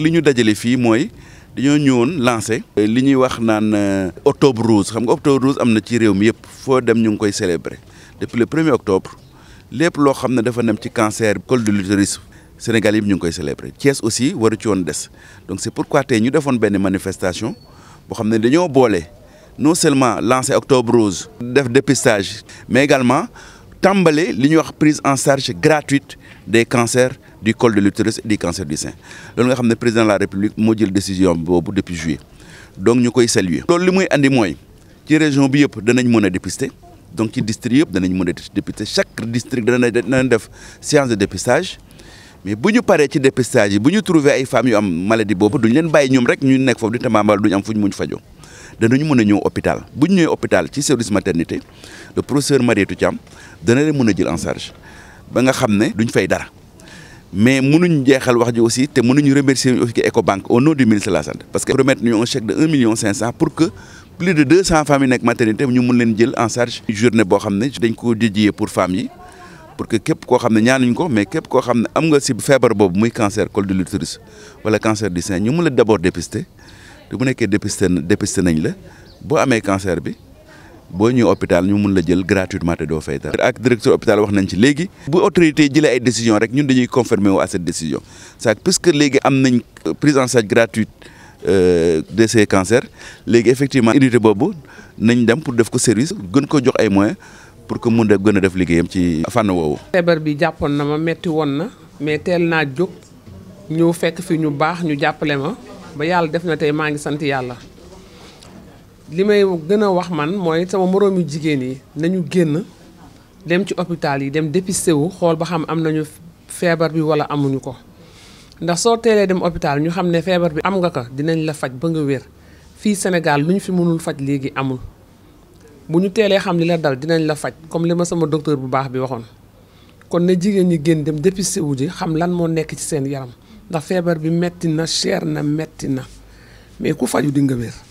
li ñu dajale fii mooy dañoo ñëwoon lancé. li ñuy wax naan euh, octobre rose xam nga octobre rose am na ci réew mi yëpp foo dem ñu célébrer depuis le 1er octobre lépp loo xam ne dafa nem ci cancer col de l'utérus Sénégal yëpp ñu ngi célébrer Thiès aussi waru ci woon des donc c'est pourquoi tey ñu defoon benn manifestation pour que ne dañoo non seulement lancé octobre rose def dépistage mais également tambalé li wax prise en charge gratuite des cancers du col de l'utérus et du cancer du sein Le nga xam président de la république moo jël décision boobu depuis juillet donc nous koy saluer. loolu li muy andi mooy ci région bi yëpp danañ mën dépister donc ci district yëpp danañ mën dépister chaque district danañ def séance de dépistage mais bu ñu paree ci dépistage yi bu ñu trouver ay femmes yu am maladie boobu duñ leen bàyyi ñoom rek ñu nekk foofu di tambaambal duñ am fuñ muñ fajoo danañu mën a ñëw hôpital bu ñu hôpital ci service maternité le professeur Mariétou Thiam dana leen mën a jël en charge ba nga xamné duñ fay dara mais mënuñ jéxal wax ji aussi té mënuñ remercier aussi Ecobank au nom du ministre de la santé parce que remettre ñu un chèque de 1 million 500 pour que plus de 200 familles femmes maternité ñu mën leen jël en charge journée bo xamné dañ ko dédié pour femme yi pour que képp koo xam ne ñaanuñ ko mais képp koo xam ne am nga si feebar boobu muy cancer col de l'utérus wala cancer du sein ñu mën la d'abord dépister te bu nekkee dépisté dépisté nañ la boo amee cancer bi boo ñëw hôpital ñu mun la jël gratuitement te doo fay dara. ak directeur hôpital wax nañ ci léegi. bu autorité jëlee ay décision rek ñun dañuy confirmer wu à cette décision ça puisque léegi am nañ euh, prise en charge gratuite euh, de ces cancers léegi effectivement unité boobu nañ dem pour def ko service gën ko jox ay moyens pour que mun a gën a def liggéeyam ci fànn woowu. feebar bi jàppoon na ma metti woon na mais teel naa jóg ñëw fekk fi ñu baax ñu jàppale ma. ba yàlla def na tey maa ngi sant yàlla li may gën a wax man mooy sama moroomi jigéen yi nañu génn dem ci hôpital yi dem dépisté wu xool ba xam am nañu feebar bi wala amuñu ko ndax soo teelee dem hôpital ñu xam ne feebar bi am nga ko dinañ la faj ba nga wér fii Sénégal lu ñu fi mënul faj léegi amul bu ñu teelee xam li la dal dinañ la faj comme li ma sama docteur bu baax bi waxoon kon na jigéen ñi génn dem dépisté wu ji xam lan moo nekk ci seen yaram ndax feebar bi metti na cher na metti na mais ku faju di nga